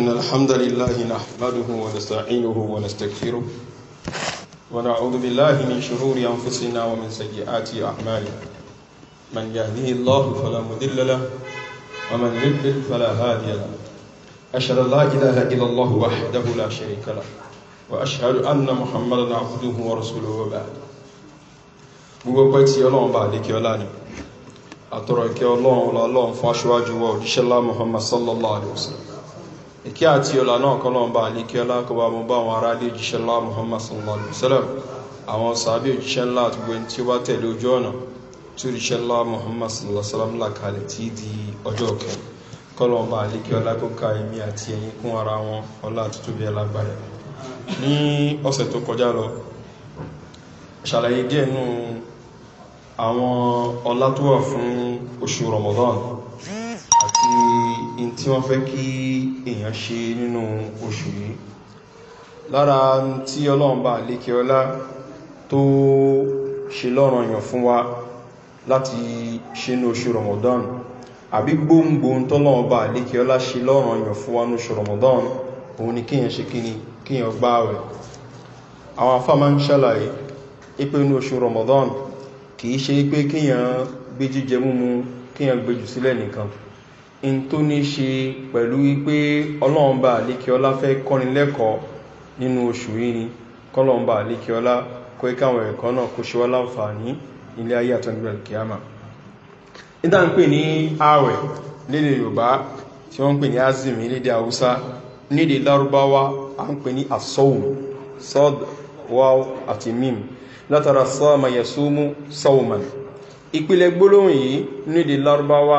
إن الحمد لله نحمده ونستعينه ونستغفره ونعوذ بالله من شرور أنفسنا ومن سيئات أعمالنا من يهده الله فلا مضل له ومن يضلل فلا هادي له أشهد أن لا إله إلا الله وحده لا شريك له وأشهد أن محمدا عبده ورسوله وبعد gbogbo الله بعدك يا لاني lékè ọlá ni àtọ̀rọ̀ ìkẹ́ ọlọ́run ọlọ́run fún aṣíwájú wa òjíṣẹ́lá muhammad sallallahu alayhi ìkí àti ọ̀là náà kọ́lọ̀mbà alékẹ́ ọlákọba mọ́ bá àwọn ará lè ńlá muhammad sallallahu alaihi wasallam àwọn sàábí òjíṣẹ́ ńlá àti tí ó bá tẹ̀lé ojú ọ̀nà tí òjíṣẹ́ ńlá muhammad sallallahu alaihi wasallam làkàlẹ̀ tí di ọjọ́ ọ̀kẹ́ kọ́lọ̀mbà alékẹ́ ọlákọ́ka ẹ̀mí àti ẹ̀yìn kún ara wọn ọlá tuntun bí ẹlágbàrẹ̀ ní ọ̀sẹ̀ tó kọjá lọ ṣàlàyé díẹ̀ nù àwọn ọlá tó wà fún oṣù ramadan àti in tí wọ́n fẹ́ kí èèyàn ṣe nínú oṣù yìí lára tí ọlọ́ọ̀bá lékẹ ọlá tó ṣe lọ́rọ̀ yàn fún wa láti ṣe ní oṣù Ramadan àbí gbóngbò tọ́lọ́ọ̀bá lékẹ ọlá ṣe lọ́rọ̀ yàn fún wa ní oṣù Ramadan òun ni kíyàn ṣe kíni kíyàn gbá rẹ̀ àwọn afá máa ń ṣàlàyé ipé ní oṣù Ramadan kìí ṣe pé kíyàn gbé jíjẹ múmu kíyàn gbé jù sílẹ̀ nìkan in tó ní ṣe pẹ̀lú wípé ọlọ́ọ̀nba àlékiọlá fẹ́ kọ́ni lẹ́kọ̀ọ́ nínú oṣù yìí ni kọ́lọ̀ọ̀nba àlékiọlá kó ikáwọn ẹ̀kọ́ náà kó ṣe wá ní ilé ayé àtọ́gbẹ̀rẹ̀ nígbà ń pè ní ààwẹ̀ lédè yorùbá tí wọ́n ń pè ní a ń pè ní sọ́d mim látara sọ́ọ̀mà ìpìlẹ̀ gbólóhùn yìí lárúbáwá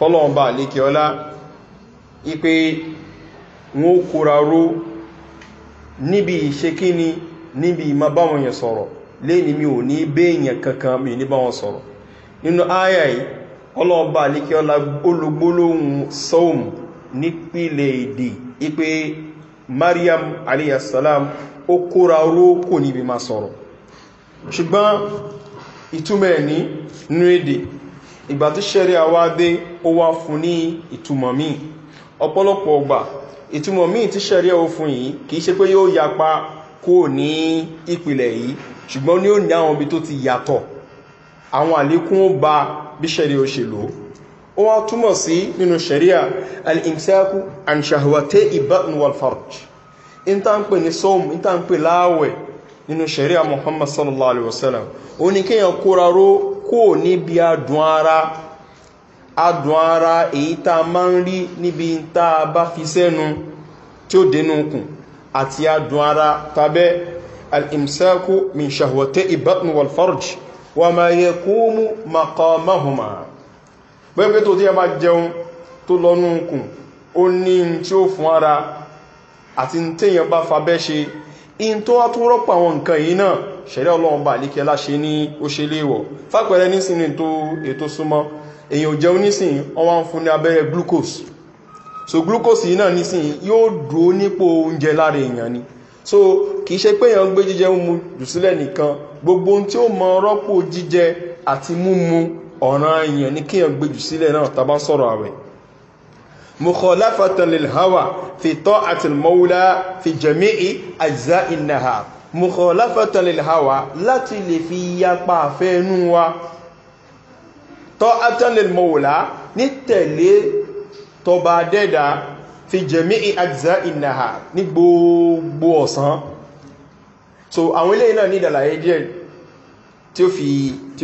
fọ́lọ̀ọ̀bá àlékẹ ọlá ipé wọ́n kúra ró níbi ìṣekíní níbi ìmá báwọn yẹn sọ̀rọ̀ lé ní mi ò ní kankan mi ní báwọn sọ̀rọ̀ nínú ayayi ọlọ́ọ̀bá àlékẹ ọlá olùgbólóhun saum nípìlẹ̀ mariam ma ìtumẹ̀ ní ìgbà tí ṣẹ́rí àwá dé ó wá fún ní ìtumọ̀ míì ọ̀pọ̀lọpọ̀ ọgbà ìtumọ̀ míì tí ṣẹ́rí ẹ̀ fún yìí kìí ṣe pé yóò yapa kó ní ìpìlẹ̀ yìí ṣùgbọ́n ní ó ní àwọn ibi tó ti yàtọ̀ àwọn àlékún ó ba bí ṣẹ́rí ó ṣe lò ó wá túmọ̀ sí nínú ṣẹ́rí à al-imsaku an sallallahu alaihi wasallam ó ní kó níbi adùn ara adùn ara èyí tá a máa ń rí níbi tá a bá fi sẹ́nu tí ó dénú kùn àti adùn ara tàbẹ́ al'imsaku min ṣahwata ibatun walfarj wa ma yẹ kúmù makamahuma pẹ́pẹ́ tó tí a bá jẹun tó lọ́nú kùn ó ní tí ó fún ara àti tí èyàn bá fabẹ́ ṣe in tó wá tún rọ́pọ̀ àwọn nǹkan yìí náà ṣẹ̀rẹ́ ọlọ́run bá àlékẹ́ aláṣẹ ní ó ṣe léèwọ̀ fàpẹẹrẹ nísìn ní tó ètò súnmọ́ èyàn ò jẹun nísìn wọ́n wá ń fún ní abẹ́rẹ́ glucose so glucose yìí náà nísìn yóò dúó nípò oúnjẹ lára èèyàn ni so kìí ṣe pé èèyàn ń gbé jíjẹ mímu jù sílẹ̀ nìkan gbogbo ohun tí ó mọ rọ́pò jíjẹ àti mímu ọ̀ràn èèyàn ní kéèyàn gbé jù sílẹ̀ náà tá a bá sọ̀rọ̀ àwẹ̀ mukhalafatan lil hawa fi ta'ati al mawla fi jami'i ajza'i an-nahar mukhalafatan lil hawa láti lè fi yapa fẹ́ nu wa ta'atan lil mawla ní tẹ̀lé tó bá dẹ́dà fi jami'i ajza'i nahar ní gbogbo ọ̀sán so àwọn ilé náà ní ìdàlàyé díẹ̀ tí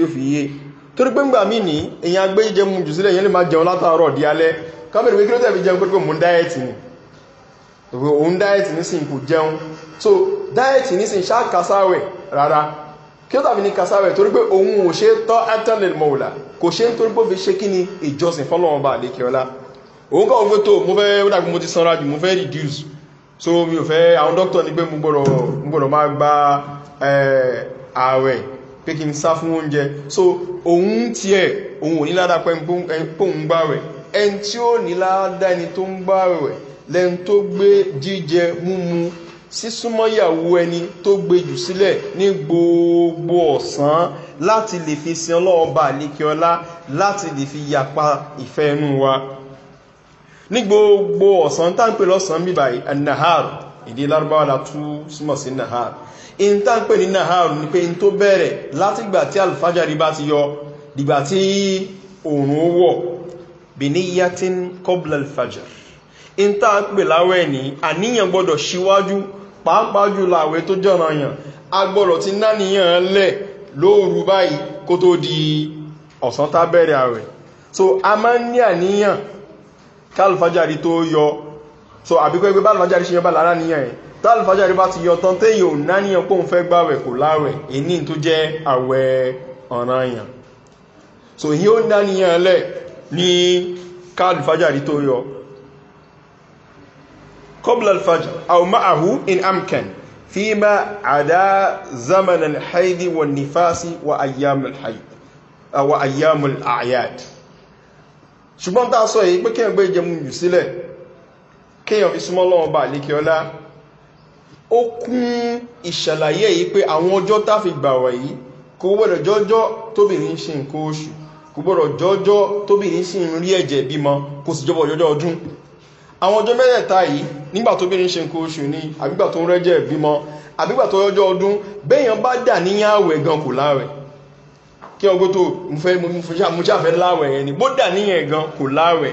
ó fi yé torí pé ńgbà mí ní èyàn agbé jíjẹ mú jù sílẹ̀ yẹn lè máa jẹun látàárọ̀ di alẹ́ kábẹ̀rẹ̀ pé kí ló tẹ̀fi jẹun pé mò ń dáẹ̀tì ni òun dáẹ̀tì ní sin kò jẹun so dáẹ̀tì ní sin ṣáà kásáwẹ̀ rárá kí ó tàbí ní kásáwẹ̀ torí pé òun ò ṣe tọ́ ẹ́tẹ́lẹ̀ mọ̀ọ́lá kò ṣe ń torí pé ó fi ṣe kí ni ìjọsìn fọ́lọ́wọ́n bá àlékè ọlá so mi ò fẹ́ àwọn dókítà ní pé pé kí n sá fún oúnjẹ so òun tí ẹ̀ òun ò ní ládá pẹ́ǹpóhùn gbá rẹ̀ ẹni tí ó ní ládá ẹni tó ń gbá rẹ̀ lẹ́ni tó gbé jíjẹ múmu sísúnmọ́yàwó ẹni tó gbé jù sílẹ̀ ní gbogbo ọ̀sán láti lè fi sin ọlọ́ọba àlékiọlá láti lè fi yapa ìfẹ́ ẹnu wa ní gbogbo ọ̀sán táǹpẹ̀ lọ́sàn bíbà nahar ìdí lárúbáwá la tú súnmọ̀ sí nahar in tá ń pè ní nahar ní pé in tó bẹ̀rẹ̀ látìgbà tí alfajari bá ti yọ dìgbà tí òòrùn wọ̀ biniyatin kobla alfajar in tá ń pè láwẹ̀ ní àníyàn gbọ́dọ̀ síwájú pàápàá jùlọ àwẹ̀ tó jọ̀ranyàn agbọ́dọ̀ ti náníyàn lẹ̀ lóòrù báyìí kó tó di ọ̀sán tá bẹ̀rẹ̀ àwẹ̀ so a máa ń ní àníyàn kálùfájàrí tó yọ so àbíkọ́ ẹgbẹ́ bá alfajari ṣe yọ bá lára níyàn yẹn e táàlì fàjáre bá ti yọ tán téyìn ò náníyàn pòun fẹ́ gbáwẹ̀ kò láwẹ̀ èní tó jẹ́ àwẹ̀ ọ̀ràn so yí ó náníyàn lẹ̀ ní káàlì fàjáre tó yọ kọ́bùlà fàjá àwọn máàhú in amken fi ma àdá zaman alhaidi wa nifasi wa ayyamul ayyad ṣùgbọ́n tá a sọ yìí pé kí ẹ̀ gbé ìjẹmú jù sílẹ̀ kí ẹ̀ fi súnmọ́ lọ́wọ́ bá àlékẹ́ ọlá ó kún ìṣàlàyé yìí pé àwọn ọjọ́ táfi gbà wà yìí kò gbọ́dọ̀ jọ́jọ́ tóbìnrin ṣe nǹkan oṣù kò gbọ́dọ̀ jọ́jọ́ tóbìnrin ṣe ń rí ẹ̀jẹ̀ bímọ kò sì jọbọ̀ jọjọ́ ọdún àwọn ọjọ́ mẹ́rẹ̀ẹ̀ta yìí nígbà tóbìnrin ṣe nǹkan oṣù ni àbígbà tó ń rẹ́jẹ̀ bímọ àbígbà tó yọjọ́ ọdún béèyàn bá dà níyàn àwẹ̀ gan kò láwẹ̀ kí ọgbọ́n tó mo fẹ́ mo ṣàfẹ́ láwẹ̀ yẹn ni bó dà níyàn gan kò láwẹ̀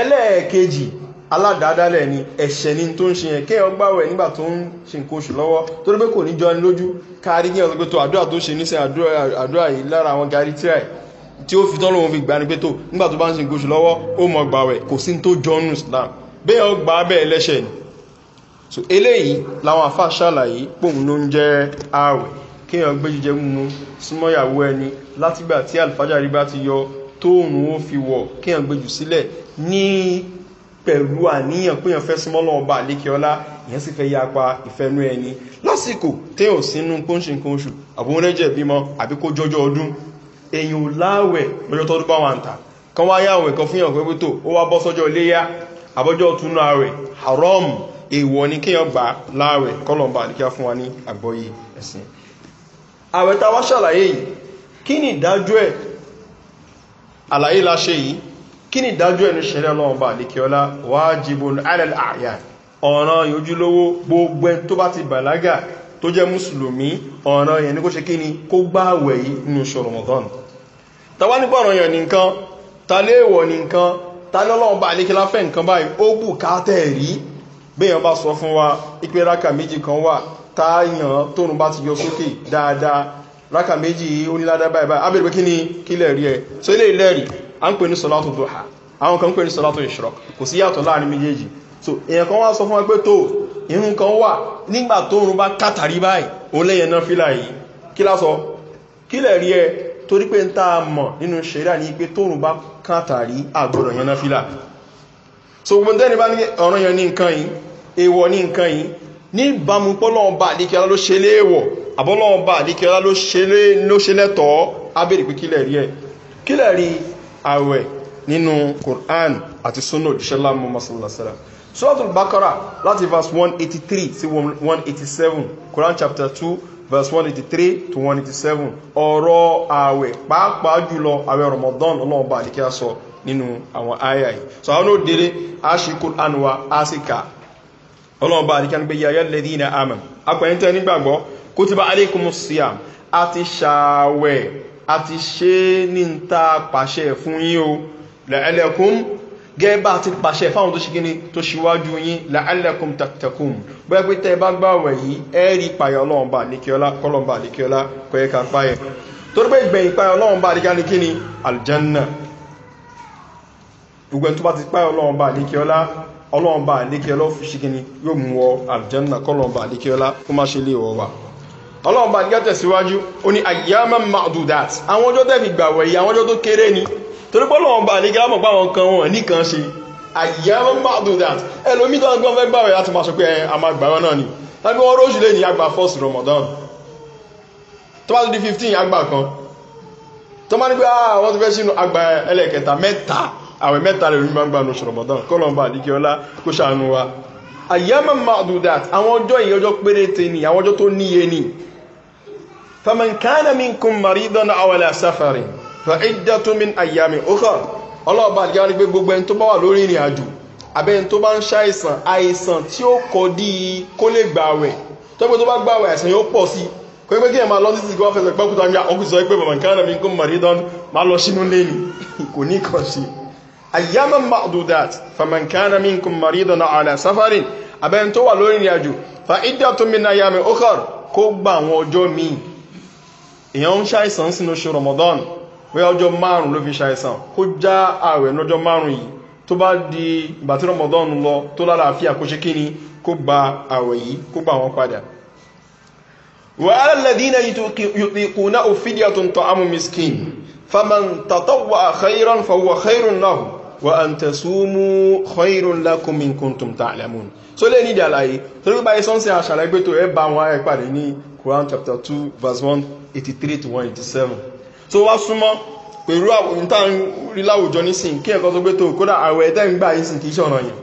ẹlẹ́ẹ̀kejì aládàádálẹ̀ ni ẹ̀ṣẹ̀ ni tó ń ṣe yẹn kéèyàn gbàwẹ̀ nígbà tó ń ṣe nǹkan oṣù lọ́wọ́ torí pé kò ní jọ ni lójú kárí ní ọ̀sán pé tó àdúrà tó ṣe nísìn àdúrà yìí lára àwọn gari tíráì tí ó fi tọ́lọ́wọ́n fi gbà pé tó nígbà tó bá ń ṣe nǹkan oṣù lọ́wọ́ ó mọ̀ gbàwẹ̀ kò sí tó jọ islam béèyàn gbà bẹ́ẹ̀ lẹ́ṣẹ̀ ni so eléyìí làwọn àfa ṣàlàyé pòun ló ń jẹ́ ààwẹ̀ kéèyàn gbé jíjẹ mímu ti yọ tóòrùn ó fi wọ̀ kéèyàn gbé jù sílẹ̀ pẹ̀lú àníyàn pé yàn fẹ́ súnmọ́ lọ́wọ́ bá àlékè ọlá ìyẹn sì fẹ́ yapa ìfẹ́nú ẹni lásìkò téèyàn sínú pọ́ńṣe nǹkan oṣù àbúrẹ́jẹ̀ bímọ àbí kó jọjọ ọdún èèyàn láwẹ̀ lọ́jọ́ tọ́dún bá wà ń ta haram èèwọ̀ ní kíyàn gbà láàrẹ̀ kọlọ̀mbà àdíkíá fún wa ní àgbọ́yé ẹ̀sìn ààrẹ ta wá la ṣe kí ni ìdájọ́ ẹnu ṣẹlẹ̀ ọlọ́ọ̀bá àdíkẹ́ọlá wájibun alẹ́láàyà ọ̀ràn ìyójúlówó gbogbo ẹn tó bá ti bàlágà tó jẹ́ mùsùlùmí ọ̀ràn yẹn ní kó ṣe kí ni kó gbáwẹ̀ yìí nínú ṣọ̀rọ̀mọ̀dán tàwá nípa ọ̀ràn yẹn nìkan ta léèwọ̀ nìkan ta lọ́lọ́ọ̀bá àdíkẹ́lá fẹ́ nǹkan báyìí ó bù káàtẹ̀ rí béèyàn bá sọ fún a ń pè ní sọ́látù duha àwọn kan ń pè ní sọ́látù ishraq kò sí yàtọ̀ láàrin méjèèjì so èèyàn kan wá sọ fún wa pé tó irun kan wà nígbà tó rún bá kátàrí báyìí ó lẹ́yìn náà fílà yìí kí lásọ kí lẹ̀ rí ẹ torí pé ń tá mọ̀ nínú ṣẹ̀ríà ní pé tó rún bá kátàrí àgbọ̀rọ̀ yẹn náà fílà so gbogbo tẹ́ni bá ní ọ̀ràn yẹn ní nǹkan yìí èèwọ̀ ní nǹkan yìí ní ìbámu pọ́lọ́ọ̀bà àdíkẹ́lá ló ṣe léèwọ̀ àbọ́lọ́ọ̀bà àdíkẹ́lá ló ṣe lẹ́tọ̀ọ́ abẹ́rẹ́ pé kílẹ̀ rí ẹ kílẹ̀ rí àwẹ̀ nínú Quran àti sunna òjíṣẹ́lá Muhammad sallallahu alaihi wasallam suratul Baqara láti verse 183 sí 187 Quran chapter 2 verse 183 to 187 ọ̀rọ̀ ààwẹ̀ pàápàá jùlọ ààwẹ̀ Ramadan ọlọ́ọ̀bá àdíkẹ́ sọ nínú àwọn àyà yìí so àwọn òdèrè aṣíkò ànúwà àṣíkà ọlọ́ọ̀bá àdíkẹ́ nígbé yàyà lẹ́dí ìnà àmà apẹ̀yìntẹ́ nígbàgbọ́ kutiba alaykumus siyam àti ṣààwẹ̀ a ti ṣe ní ń ta pàṣẹ fún yín o lẹ́ẹ̀lẹ́kún gẹ́ẹ̀bá ti pàṣẹ fáwọn tó ṣíkíní tó ṣíwájú yín lẹ́ẹ̀lẹ́kún tàtàkùn bóyá pé tẹ́ bá gbàwẹ̀ yìí ẹ́ẹ̀rí payọ̀ ọlọ́ọ̀bà àdíkíọ́lá kọ́yẹ́ka páyẹ̀ torí kí ni aljanna gbogbo ẹni tó bá ti payọ̀ ọlọ́ọ̀bà àdíkíọ́lá ọlọ́ọ̀bà àdíkíọ́lá fi ṣíkíní yóò mú ọ aljanna kọ́lọ̀ọ̀bà àdíkíọ́lá kó ọlọ́run bá nígbà tẹ̀síwájú ó ní ayyama ma'dudat àwọn ọjọ́ tẹ́fì gbàwẹ̀ yìí àwọn ọjọ́ tó kéré ni torí pé ọlọ́run bá nígbà mọ̀ pé àwọn kan wọn nìkan ṣe ayyama ma'dudat ẹlòmí tó ń gbọ́n fẹ́ gbàwẹ̀ láti máa sọ pé a máa gbàwẹ̀ náà ni lábí wọn róṣù lé ní àgbà first Ramadan tó bá tó di 15 àgbà kan tó máa ní pé ah, àwọn tó fẹ́ sínú àgbà ẹlẹ́kẹta mẹ́ta àwẹ̀ mẹ́ta lè rí máa ń gbà lóṣù ma'dudat àwọn ọjọ́ ìyẹn ọjọ́ péréte ni àwọn ọjọ́ tó níye ni فمن كان منكم مريضا او على سفر فعده من ايام اخرى ọlọ́run bá àdìgbà wípé gbogbo ẹni tó bá wà lórí ìrìn àjò abẹ́ni tó bá ń ṣàìsàn àìsàn tí ó kọ dí i kó lè gbà wẹ̀ tọ́pẹ́ tó bá gbà wẹ̀ àìsàn yóò pọ̀ sí i pé kí ẹ̀ máa lọ títí gbọ́ fẹsẹ̀ pẹ́kúta ní ọkùnrin sọ pé bàbá nǹkan mi kó màrídán máa lọ sínú lẹ́nu kò ní kàn sí i ayyama ma'dudat faman kana minkum maridan ala safarin abẹ́ni tó wà lórí ìrìn àjò fa iddatun min ayami ukhar kó gba àwọn ọjọ́ míì èèyàn ń ṣàìsàn sínú oṣù ramadan bóyá ọjọ́ márùn ló fi ṣàìsàn kó já ààwẹ̀ lọ́jọ́ márùn yìí tó bá di ìgbà tí ramadan lọ tó lálàáfíà kó ṣe kíni kó gba ààwẹ̀ yìí kó gbà wọn padà wà á lẹ́dínà yìtìkùnà òfìdíà tó ń tọ́ amú miskin faman tàtọ́wà khairan fawwa khairun náà wà á tẹ̀sùmú khairun lákùnmin kuntum tààlẹ́mùn so lè ní ìdí àlàyé torí báyìí sọ́nsẹ̀ àṣàlẹ́gbẹ́tò ẹ bá wọn ẹ pàdé ní Quran chapter two verse one eighty three to one eighty seven So wá súnmọ́ pẹ̀lú àwọn tá à ń rí láwùjọ nísìn kí ẹ̀kọ́ tó gbé tó kódà àwẹ̀ ẹ̀tẹ́ ń gbà yín sìn kì í ṣe ọ̀nà yẹn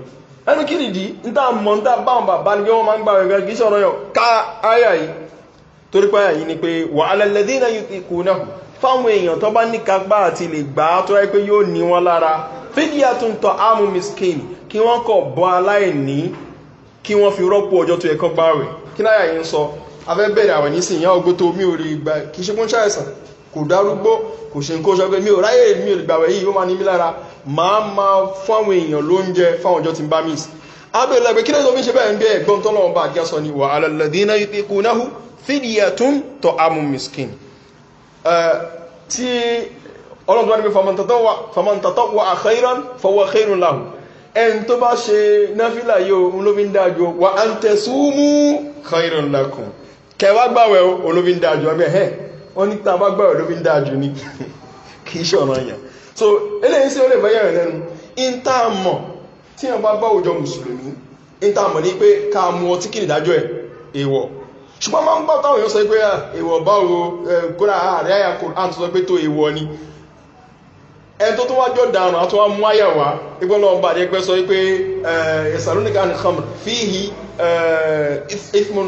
ẹnu kí nìdí ń tá mọ̀ ń tá báwọn bàbá ni pé wọ́n máa ń gbà ẹ̀gbẹ́ kì í ṣe ọ̀nà yẹn ká àyà yìí torí pé àyà yìí ni pé wà á lẹ́lẹ́dí náà yìí kù náà fáwọn èèyàn tó bá ní kagbá àti lè gbà á tó yẹ pé yóò ní wọn lára fídíà tó ń afẹ́ bẹ̀rẹ̀ àwọn ìnísìn ìyá ọgbó tó mi ò rí ìgbà kì í ṣe kún ṣàìsàn kò dárúgbó kò ṣe nǹkan ṣọgbẹ́ mi ò ráyè mi ò gbàwẹ̀ yìí ó máa ní mí lára máa máa fún àwọn èèyàn lóúnjẹ fáwọn ọjọ́ tí bá mi sí abẹ́rẹ́ lẹ́gbẹ́ kí ló ń ṣe bẹ́ẹ̀ ń bẹ́ ẹ̀gbọ́n tó lọ́wọ́ bá àgẹ́ ni wà alẹ́lẹ́dínà ikú náà miskin tí ọlọ́run tó wá níbi fàmọ́ntàtọ́ wà àkẹ́rán fọwọ́ àkẹ́rún láhùn ẹn tó bá ṣe náfílà yóò ń lóbi ń dájú wà á kẹwàá gbàwẹ̀ olófin dájú ọgbẹ́ ẹ̀ wọ́n ní tàbá gbàwẹ̀ olófin dájú ní kì í ṣọ̀nà yàn so eléyìí sí ó lè bẹ́yẹ̀ rẹ̀ lẹ́nu intaamọ̀ tí wọ́n bá bá òjò mùsùlùmí intaamọ̀ ni pé ká mú ọtí kìrì dájọ́ ẹ̀ èèwọ̀ ṣùgbọ́n máa ń gbọ́ táwọn sọ ẹni tó tó wá jọ dànù àti wá mú àyà wá ipò lọ́wọ́ bá dé pẹ́ sọ pé ìsàlónìkà ní khamr fíhì ifmun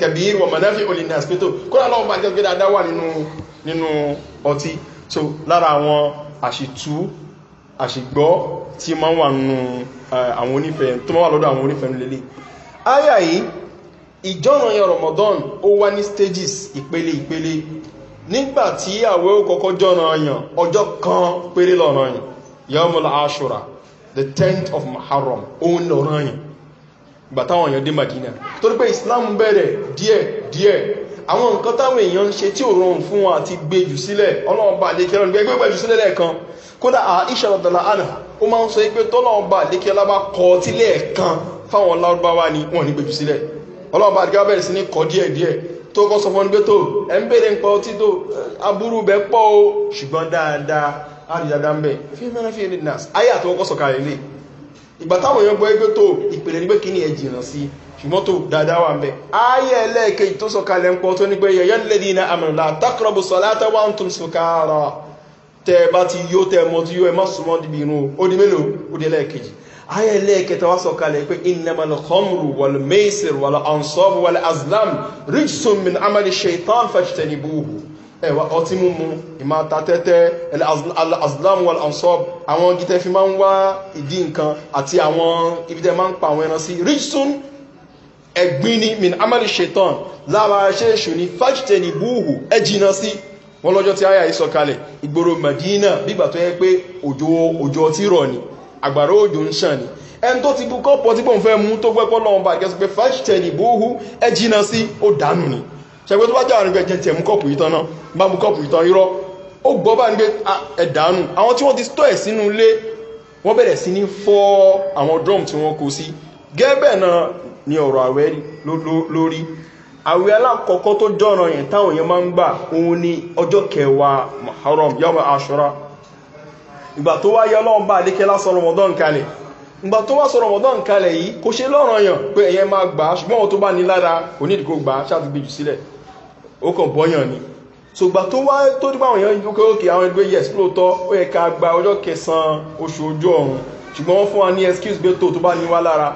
kẹbìrì wà mọ̀nàfí olìnà àsìpẹ́tò kódà lọ́wọ́ bá jẹ́ pé dáadáa wà nínú ọtí so lára àwọn àṣìtú àṣìgbọ́ tí ma ń wà nù àwọn onífẹ́ tó ma wà lọ́dọ̀ àwọn onífẹ́ lélẹ̀ ayà yìí ìjọ́nà ọ̀rọ̀mọ̀dán ó wá ní stages ìpele ìpele nígbàtí àwẹ́ òkọ́kọ́ jọ́nà ọyàn ọjọ́ kan péré lọ́nà ọyàn yọ́mùlá ashura the tenth of maharam òun lọ́nà ọyàn gbàtàwọn èèyàn dé madina torí pé islam bẹ̀rẹ̀ díẹ̀ díẹ̀ àwọn nǹkan táwọn èèyàn ń ṣe tí ò rọrùn fún wọn àti gbé jù sílẹ̀ ọlọ́ọ̀bà àlékẹ́lọ́ ní gbẹ́gbẹ́ jù sílẹ̀ lẹ́ẹ̀kan kódà àìṣà ọ̀dọ̀là àná ó máa ń sọ pé tọ́lọ́ọ̀bà àlékẹ́lá bá kọ́ sílẹ̀ kan fáwọn lárúbáwá ni wọ́n ní gbé jù sílẹ̀ ọlọ́ọ̀bà àdígábẹ̀rẹ̀ sí ní kọ́ díẹ̀ díẹ̀ tó kọ́ sọ fún ẹni pé tó ẹ ń bèèrè nǹkan tí tó aburú bẹ pọ̀ o ṣùgbọ́n dáadáa láti dáadáa ń bẹ̀ fi mẹ́rin fi ẹni nas ayé àti ọkọ̀ sọ̀kà rẹ̀ lè ìgbà táwọn èèyàn gbọ́ ẹgbẹ́ tó ìpèlè ní pé kí ni ẹ jìnnà sí ṣùgbọ́n tó dáadáa wà ń bẹ̀ ayé ẹlẹ́ẹ̀kejì tó sọ̀kà lẹ́ ń pọ̀ tó ní pé yẹ̀yẹ́ ń lẹ́dí aya ẹlẹ́ẹ̀kẹta wá sọ kalẹ̀ pé innamal khamru wal maisir wal ansab wal azlam rijsun min amali shaitan fajtanibuhu ẹwà ọtí múmu ìmáta tẹ́tẹ́ al-azlam wal ansab àwọn igi tẹ́ fi máa ń wá ìdí nǹkan àti àwọn ibi tẹ́ máa ń pa àwọn ẹran sí rijsun ẹ̀gbin ni min amali shaitan lára ṣe èṣù ni fajtanibuhu ẹ jìnnà sí wọn lọ́jọ́ tí aya yìí sọ kalẹ̀ ìgboro Madina bígbà tó yẹ pé òjò ọtí rọ̀ ni àgbàrá òjò ń ṣàn ni ẹni tó ti bu kọ́pọ̀ tí kò ń fẹ́ mú tó gbẹ́pọ̀ lọ́wọ́n bá pé fẹ́ṣẹ̀ nìbó ẹ jìnnà sí ó dànù ni ṣẹgbẹ́ tó bá jà àrùn gbẹ̀jẹ̀ tiẹ̀ mú kọ́pù yìí tán náà bá mú kọ́pù yìí tán irọ́ ó gbọ́ bá ní pé ẹ dànù àwọn tí wọ́n ti tọ́ ẹ̀ sínú ilé wọ́n bẹ̀rẹ̀ sí ní fọ́ àwọn drum tí wọ́n kó sí gẹ́bẹ̀ náà ni ọ̀rọ̀ àwẹ̀ lórí àwẹ̀ alákọ̀ọ́kọ́ tó jọ̀ràn yẹn táwọn yẹn máa ń gbà òun ni ọjọ́ kẹwàá muharram yàwó aṣọra ìgbà tó wáyé ọlọ́run bá adékẹ́lá sọ rọmọdán kalẹ̀ ìgbà tó wá sọ rọmọdán kalẹ̀ yìí kò ṣe lọ́rọ̀ yàn pé ẹ̀yẹ máa gbà á ṣùgbọ́n wọn tó bá ní lára kò ní ìdíkò gbà á ṣáàtúgbé jù sílẹ̀ ó kàn bọ́yàn ni ṣùgbà tó wá tó dípò àwọn èèyàn ìdókè òkè àwọn ẹgbẹ́ yẹs lóòótọ́ ó yẹ ká gba ọjọ́ kẹsàn-án oṣù ojú ọ̀run ṣùgbọ́n wọ́n fún wa ní excuse gbé tó tó bá ní wá lára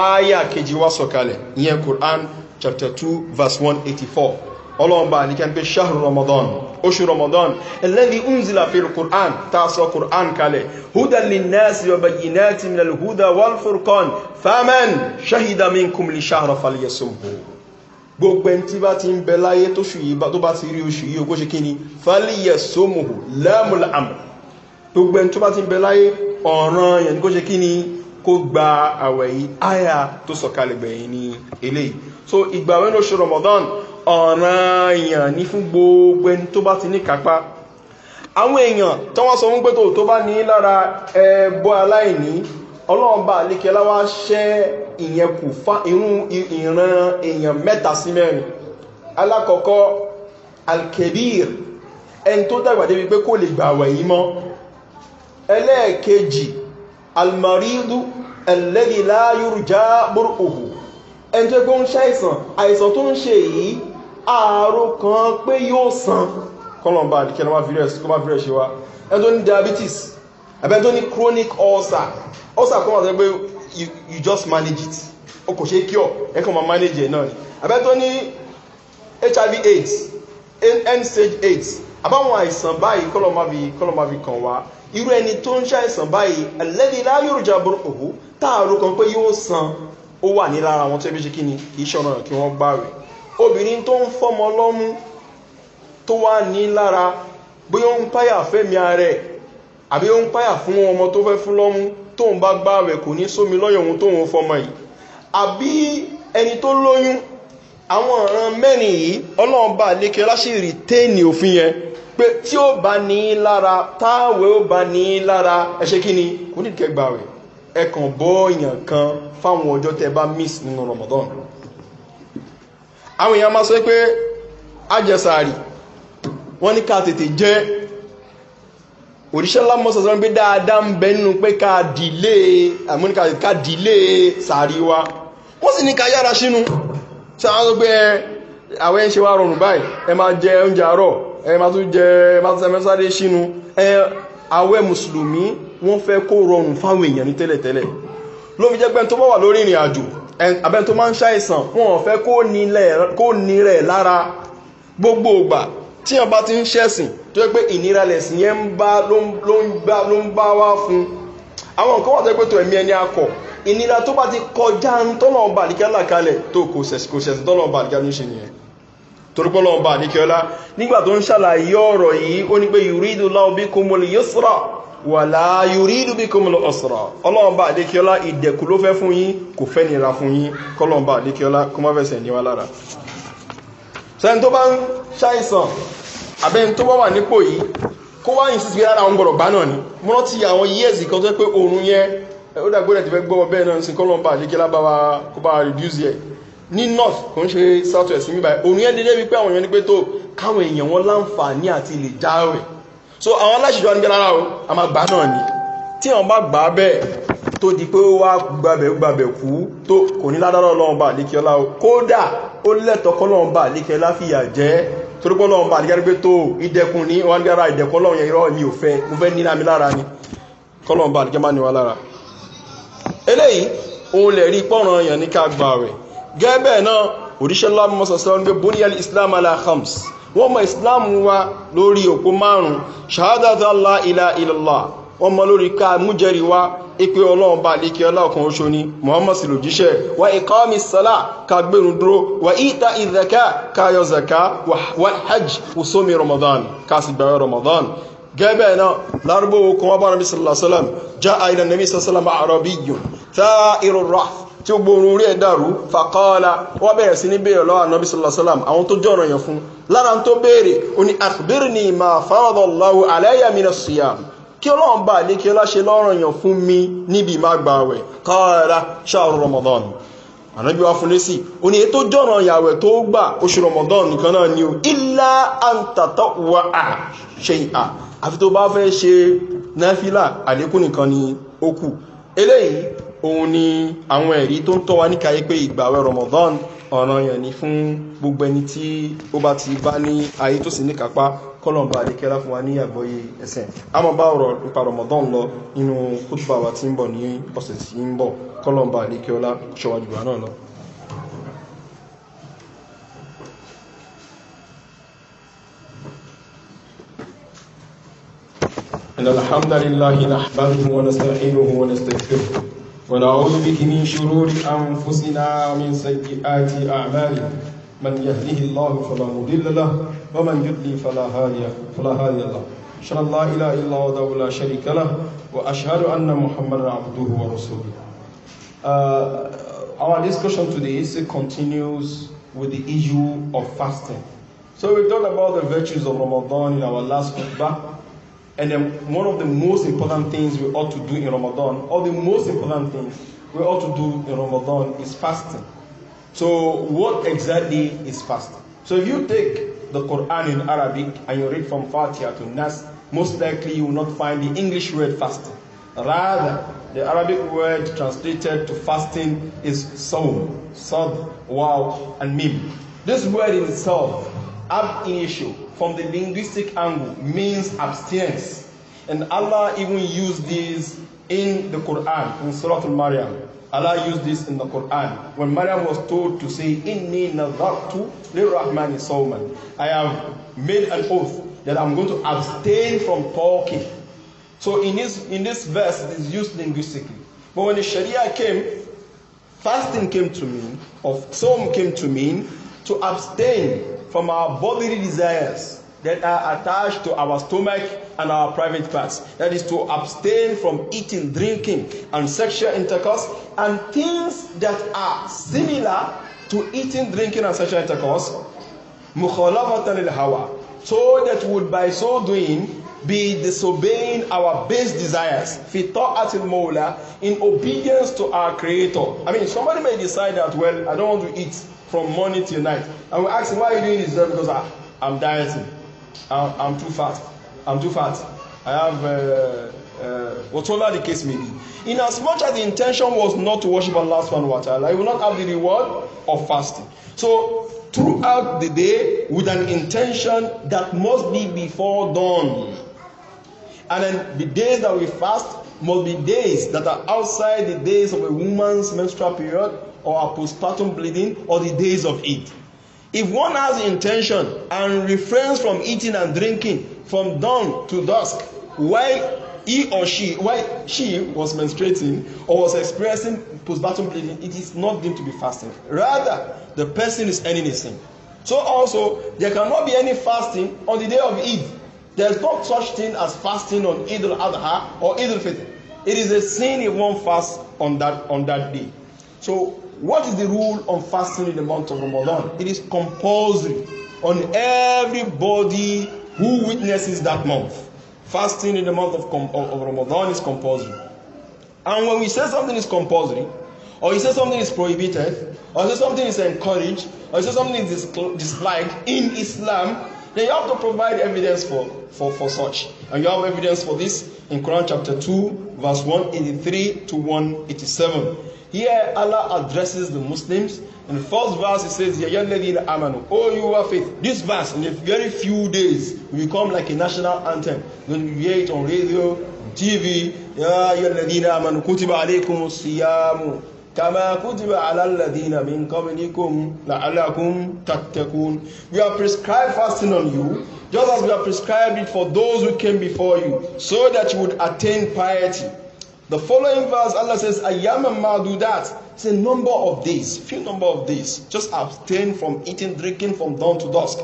ááyà kejì wá sọ̀kalẹ̀ ìyẹn quran chapter two verse one eighty four ọlọ́ọ̀bá nìkan pé ṣáhùn ramadan oṣù ramadan ẹlẹ́ni unzila fi al-qur'an tààsọ qur'an kalẹ̀ húdàlì nẹ́ẹ̀sì ọba yìí nẹ́ẹ̀tì minal húdà wal-furqan faman ṣahida minkum li shahra falyasumhu gbogbo ẹni tí bá ti ń bẹ láyé tó ṣù yìí tó bá ti rí oṣù yìí ogóṣe kí ni falyasumhu lamul amr gbogbo ẹni tó bá ti ń bẹ láyé ọ̀ràn yẹn kó ṣe kí ni kó gba àwẹ̀ yìí áyà tó sọ̀kalẹ̀ gbẹ̀yìn ni eléyìí so ìgbàwẹ́ lóṣù ramadan ọ̀ràn èèyàn ní fún gbogbo ẹni tó bá ti ní kápá àwọn èèyàn tó wọ́n sọ wípé tó bá ní lára ẹbọ aláìní ọlọ́run bá àlékẹ́ láwá ṣẹ́ ìyẹn kù fá irun ìran èèyàn mẹ́ta sí mẹ́rin alákọ̀ọ́kọ́ alkebir ẹni tó dàgbà débi pé kò lè gbà wẹ̀ yí mọ́ ẹlẹ́ẹ̀kejì almaridu ẹlẹ́dìláyúrú já búrúkù ẹni tó gbọ́n ṣàìsàn àìsàn tó ń ṣe yìí ààrùn kan pé yóò san kọlọmbà àdìkẹ́ lọ́wọ́ fírẹ́sì kọ́ bá fírẹ́sì wa ní diabetes àbẹ́ ní chronic ulcer ulcer kọ́ wà tó pé you just manage it o kò ṣe kí ọ ẹ kàn manage ẹ náà ni àbẹ́ ní hiv aids end stage aids àbáwọn àìsàn báyìí kọlọmbà fi kọlọmbà fi kàn wá irú ẹni tó ń ṣàìsàn báyìí ẹlẹ́ni láyòròjà burúkú táàrù kan pé yóò san ó wà ní lára àwọn tó ẹbí ṣe kí ni kì í ṣọ̀nà kí wọ́n gbà obìnrin tó ń fọ́mọ lọ́mú tó wá ní lára bí ó ń páyà fẹ́mi ààrẹ àbí ó ń páyà fún ọmọ tó fẹ́ fún lọ́mú tó ń bá gbá rẹ̀ kò ní sómi lọ́yọ̀hun tó ń fọmọ yìí àbí ẹni tó lóyún àwọn ọ̀ràn mẹ́rin yìí ọlọ́run bá lékè láṣìírí téèni òfin yẹn pé tí ó bá ní lára táwẹ̀ ó bá ní lára ẹ̀ṣẹ́ kí ni kò ní kẹgbà rẹ̀ ẹ̀kàn bọ́ kan fáwọn ọjọ́ tẹ bá miss nínú ramadan àwọn èèyàn máa sọ pé ajẹsàárì wọ́n ní ká tètè jẹ́ òdíṣẹ́ lámọ́ sọ̀rọ̀ pé dáadáa ń bẹ nínú pé ká dìlé àmúníkà ká dìlé sàárì wa wọ́n sì ní ká yára sínú tí àwọn sọ pé àwọn ẹ̀ ń ṣe wá rọrùn báyìí ẹ máa jẹ oúnjẹ àárọ̀ ẹ máa tún jẹ ẹ máa tún sẹ mẹ́sàárì sínú ẹ àwẹ̀ mùsùlùmí wọ́n fẹ́ kó rọrùn fáwọn èèyàn ní tẹ́lẹ̀tẹ́lẹ̀ ló fi jẹ́ pé tó bá wà lórí ìrìn àjò abẹ́ tó máa ń ṣàìsàn wọn ò fẹ́ kó ní rẹ̀ lára gbogbo ògbà tí wọn bá ti ń ṣẹ̀sìn tó yẹ pé ìnira lẹ̀sìn yẹn ń bá ló ń bá wá fún àwọn nǹkan wà tó yẹ pé tó ẹ̀mí ẹni akọ̀ ìnira tó bá ti kọjá ń tọ́nà ọba àdìkẹ́ là kalẹ̀ tó kò ṣẹ̀sìn tọ́nà ọba àdìkẹ́ ló ń ṣe nìyẹn torípọ́lọ́ ọba àdìkẹ́ ọlá nígbà tó ń ṣàlàyé ọ̀rọ̀ yìí ó ní pé yorùdù láwọn bí kò mọ̀lẹ̀ yóò wàlá yuridu bikumul usra ọlọ́ọ̀bá àdékíọ́lá ìdẹ̀kù ló fẹ́ fún yín kò fẹ́ nira fún yín kọlọ́ọ̀bá àdékíọ́lá kó má fẹ́sẹ̀ níwá lára sẹ́ni tó bá ń ṣàìsàn àbẹ́ni tó bá wà nípò yìí kó wá yìí sísí lára àwọn gbọ̀rọ̀gbá náà ni mo rántí àwọn yíẹ̀sì kan tó pé oorun yẹn ó dàgbọ́dẹ̀ ti fẹ́ gbọ́mọ bẹ́ẹ̀ náà sí kọlọ́ọ̀bá àdékíọ́lá bá wa kó bá reduce yẹ ní north kò ń ṣe south west mi báyìí yẹn dédé wípé àwọn èèyàn ní pé tó káwọn èèyàn wọn láǹfààní àti lè jáwèé so àwọn aláṣìjọ ní gbẹ́lára o a máa gbà náà ni tí àwọn bá gbà bẹ́ẹ̀ tó di pé ó wá gbàbẹ̀ gbàbẹ̀ kú tó kò ní ládàrọ̀ ọlọ́run bá lékè ọlá o kódà ó lẹ́tọ̀ọ́kọ́ ọlọ́run bá lékè ọlá jẹ́ torípọ́ ọlọ́run bá tó ìdẹkùn ní wọn gbára ìdẹkùn ọlọ́run yẹn ni kọ́lọ́run bá lékè má ní wa lára eléyìí òun lè rí pọ́nrán yẹn ní ká gbà rẹ̀ gẹ́gẹ́ bẹ́ẹ̀ náà òdíṣẹ́ islam ala khams wọ́n mọ̀ islam wa lórí òkú márùn-ún ṣàádàtà allah ilá ilẹ̀lá wọ́n mọ̀ lórí ká mújẹ̀rí wa ipe ọlọ́run bá lè kí ọlọ́kan oṣo ni muhammad sì lòjíṣẹ́ wa ikọ́mi sọ́lá ka gbẹ̀rún dúró wa ìta ìzẹ̀ká ka yọ zẹ̀ká wa hajj usomi ramadan ka sì gbẹ̀rẹ̀ ramadan gẹ́gẹ́ náà lárúbọ̀ kan wọ́n bá rẹ̀ bí sọ́lá sọ́lá já àìlànà bí sọ́lá àrọ̀bí yùn tá ìrọ̀rọ̀ tí ó gbóòrùn orí ẹ̀ dàrú fàkọ́ọ́lá wọ́n bẹ̀rẹ̀ sí ní béèrè lọ́wọ́ ànábì sọ̀lá sọ́lám àwọn tó jọ̀rọ̀ yàn fún lára tó béèrè ó ní àkùbírì ní ìmọ̀ àfáàdọ̀láwò aláyàmínà síyà kí ọlọ́run bá ní kí ọlá ṣe lọ́rọ̀ yàn fún mi níbi ìmọ̀ àgbàwẹ̀ kọ́ọ́lá ṣáàrù ramadan ànábì wa fún lésì ó ní ètò jọ̀rọ̀ yàwẹ̀ òun ni àwọn ẹ̀rí tó ń tọ́ wa níkàyé pé ìgbàwẹ̀ Ramadan ọ̀ranyàn ni fún gbogbo ẹni tí ó bá ti bá ní ayé tó sì ní kápá kọlọ̀mbà adékẹ́lá fún wa ní àgbọ́yé ẹsẹ̀ a máa bá ọ̀rọ̀ nípa Ramadan lọ nínú kútùbà wa tí ń bọ̀ ní ọ̀sẹ̀ tí ń bọ̀ kọlọ̀mbà adékẹ́lá ṣọwọ́ jùlọ náà lọ إن الحمد لله نحمده ونستعينه ونستغفره ونعوذ بك من شرور أنفسنا ومن سيئات أعمال من يهده الله فلا مضل له ومن يضلل فلا هادي فلا هادي له أشهد أن لا إله إلا الله ولا شريك له وأشهد أن محمدا عبده ورسوله uh, Our discussion today is, continues with the issue of fasting. So we've talked about the virtues of Ramadan in our last khutbah. And then one of the most important things we ought to do in Ramadan, or the most important thing we ought to do in Ramadan is fasting. So what exactly is fasting? So if you take the Quran in Arabic and you read from Fatiha to Nas, most likely you will not find the English word fasting. Rather, the Arabic word translated to fasting is sawm, sad, waw, and mim. This word in itself, ab initio, from the linguistic angle means abstinence. And Allah even used this in the Quran, in Surah Al-Maryam. Allah used this in the Quran. When Maryam was told to say, Inni nadartu lirrahmani sawman. I have made an oath that I'm going to abstain from talking. So in this, in this verse, it is used linguistically. But when the Sharia came, fasting came to mean, or psalm came to mean, to abstain from our bodily desires that are attached to our stomach and our private parts. That is to abstain from eating, drinking, and sexual intercourse, and things that are similar to eating, drinking, and sexual intercourse. مخالفة للهوى so that would by so doing be disobeying our base desires في طاعة in obedience to our creator I mean somebody may decide that well I don't want to eat from morning till night. And we ask him, why are you doing this? Because I, I'm dieting. I'm, I'm too fat. I'm too fat. I have uh, uh, whatever the case may be. In as much as the intention was not to worship Allah subhanahu wa ta'ala, you will not have the reward of fasting. So throughout the day with an intention that must be before dawn. And then the days that we fast must be days that are outside the days of a woman's menstrual period or her postpartum bleeding or the days of it. If one has intention and refrains from eating and drinking from dawn to dusk while he or she while she was menstruating or was experiencing postpartum bleeding, it is not deemed to be fasting. Rather, the person is earning a sin. So also, there cannot be any fasting on the day of Eid. There is no such thing as fasting on Eid al-Adha or Eid al-Fitr. It is a sin if one fasts on that on that day. So What is the rule on fasting in the month of Ramadan? It is compulsory on everybody who witnesses that month. Fasting in the month of, of Ramadan is compulsory. And when we say something is compulsory, or you say something is prohibited, or you say something is encouraged, or you say something is disliked in Islam, then you have to provide evidence for, for, for such. And you have evidence for this in Quran chapter two verse 183 to 187. Here Allah addresses the Muslims. In the first verse, He says, Ya yalladhina amanu, O you have faith. This verse, in a very few days, will become like a national anthem. When we hear it on radio, TV, Ya yalladhina amanu, kutiba alaykum siyamu kama kutiba alalladina min qablikum la'allakum tattaqun we have prescribed fasting on you just as we have prescribed it for those who came before you so that you would attain piety the following verse Allah says ayyaman madudat it's a number of days few number of days just abstain from eating drinking from dawn to dusk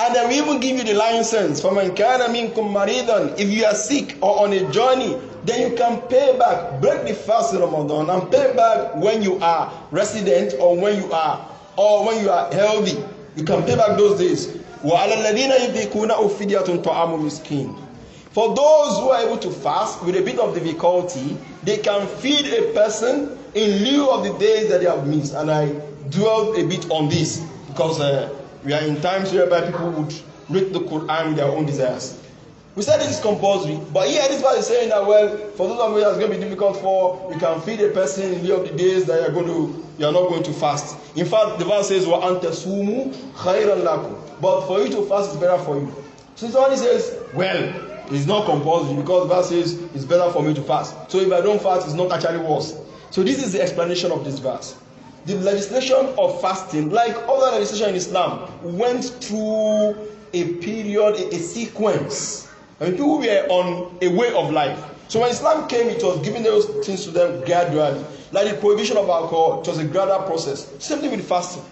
and then we even give you the license for mankind. kana minkum if you are sick or on a journey then you can pay back break the fast ramadan and pay back when you are resident or when you are or when you are healthy you can pay back those days وعلى الذين يذيقونه فدية طعام مسكين for those who are able to fast with a bit of difficulty they can feed a person in lieu of the days that they have missed and i dwelt a bit on this because uh, we are in times whereby people would read the quran with their own desires We said this is compulsory, but here this verse is saying that well, for those of you it's going to be difficult for, you can feed a person in the of the days that you're going to, you're not going to fast. In fact, the verse says, "Wa antasumu khairan lakum," but for you to fast is better for you. So somebody says, well, it's not compulsory because the verse says it's better for me to fast. So if I don't fast, it's not actually worse. So this is the explanation of this verse. The legislation of fasting, like other legislation in Islam, went through a period, a, a sequence And people were on a way of life. So when Islam came, it was giving those things to them gradually. Like the prohibition of alcohol, it was a gradual process. Same thing with fasting.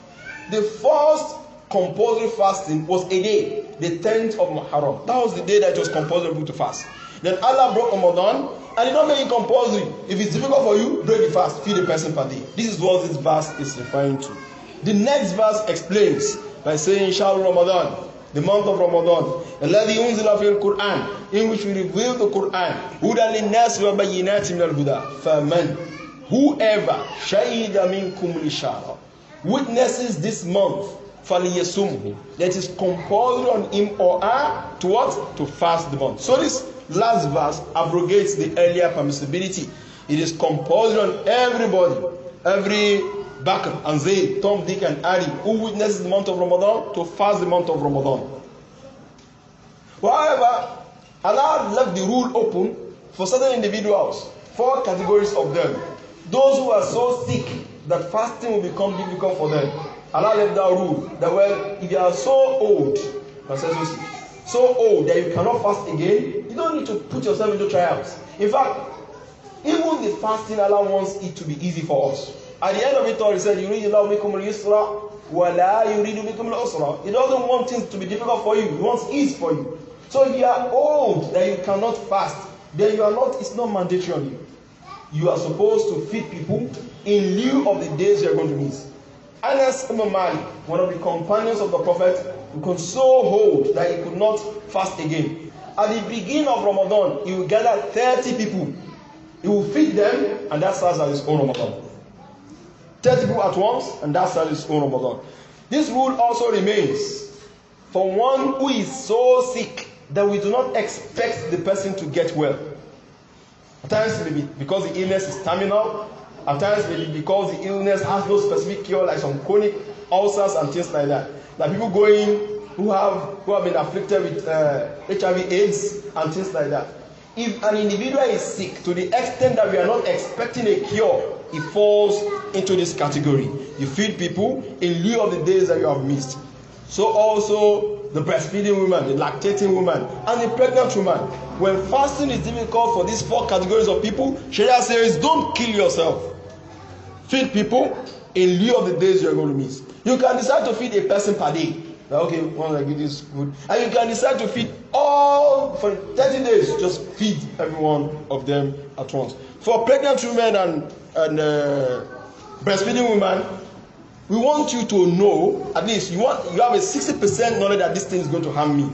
The first compulsory fasting was a day, the 10th of Muharram. That was the day that it was compulsory to fast. Then Allah broke Ramadan and did not make it compulsory. If it's difficult for you, break the fast, feed a person per day. This is what this verse is referring to. The next verse explains by saying, Shall Ramadan the month of Ramadan, الذي أنزل في القرآن, in which we reveal the Quran, هدى للناس وبينات من الهدى, فمن, whoever, شهد منكم الشهر, witnesses this month, فليسمه, that is compulsory on him or her to what? To fast the month. So this last verse abrogates the earlier permissibility. It is compulsory on everybody, every Bakr and Zayd, Tom, Dick, and Ali, who witnessed the month of Ramadan to fast the month of Ramadan. However, Allah left the rule open for certain individuals, four categories of them. Those who are so sick that fasting will become difficult for them. Allah left that rule that well, if you are so old, so old that you cannot fast again, you don't need to put yourself into trials. In fact, even the fasting Allah wants it to be easy for us. At the end of it all, he said, يريد الله بكم اليسر ولا يريد بكم العسر. He doesn't want things to be difficult for you. He wants ease for you. So if you are old that you cannot fast, then you are not, it's not mandatory on you. You are supposed to feed people in lieu of the days you are going to miss. Anas ibn Malik, one of the companions of the Prophet, who could so hold that he could not fast again. At the beginning of Ramadan, he will gather 30 people. He will feed them, and that starts as his own Ramadan. 30 people at once, and that starts his own Ramadan. This rule also remains for one who is so sick that we do not expect the person to get well. At times, maybe because the illness is terminal, at times, maybe because the illness has no specific cure, like some chronic ulcers and things like that. Like people going who have who have been afflicted with uh, HIV AIDS and things like that. If an individual is sick to the extent that we are not expecting a cure, He falls into this category. You feed people in lieu of the days that you have missed. So also the breastfeeding woman, the lactating woman, and the pregnant woman. When fasting is difficult for these four categories of people, Sharia says don't kill yourself. Feed people in lieu of the days you are going to miss. You can decide to feed a person per day. Like, okay, one I give this food. And you can decide to feed all for 30 days, just feed every one of them at once for pregnant women and, and uh, breastfeeding women, we want you to know at least you want you have a 60% knowledge that this thing is going to harm me.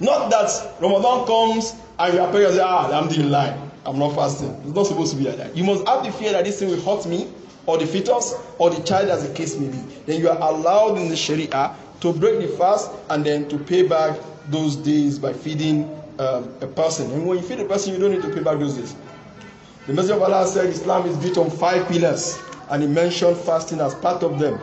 Not that Ramadan comes and you are and say, ah, I'm doing lie, I'm not fasting. It's not supposed to be like that. You must have the fear that this thing will hurt me or the fetus or the child as the case may be. Then you are allowed in the Sharia to break the fast and then to pay back those days by feeding um, a person. And when you feed a person, you don't need to pay back those days. The Messenger of Allah said Islam is built on five pillars, and he mentioned fasting as part of them.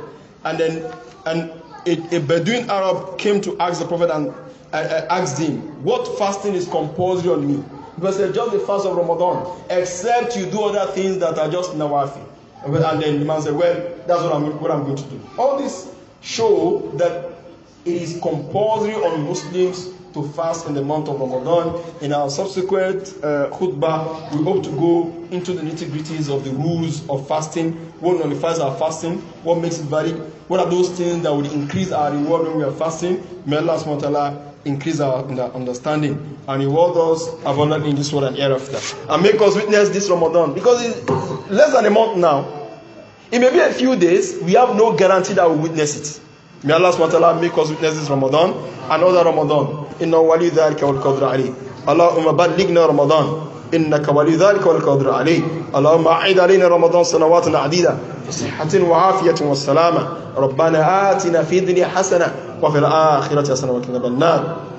And then, and a, a Bedouin Arab came to ask the Prophet and uh, uh asked him, "What fasting is compulsory on me?" Because said, "Just the fast of Ramadan, except you do other things that are just nawafi." And, and then the man said, "Well, that's what I'm what I'm going to do." All this show that it is compulsory on Muslims to fast in the month of Ramadan. In our subsequent uh, khutbah, we hope to go into the nitty gritties of the rules of fasting, what nullifies our fasting, what makes it valid, what are those things that would increase our reward when we are fasting. May Allah subhanahu increase our understanding and reward us abundantly in this world and hereafter. And make us witness this Ramadan because it's less than a month now. It may be a few days, we have no guarantee that we'll witness it. May Allah subhanahu make us witness this Ramadan, and other Ramadan. إنه ولي ذلك والقدر عليه اللهم بلغنا رمضان إنك ولي ذلك والقدر عليه اللهم أعد علينا رمضان سنوات عديدة صحة وعافية وسلامة ربنا آتنا في الدنيا حسنة وفي الآخرة حسنة وكنا بالنار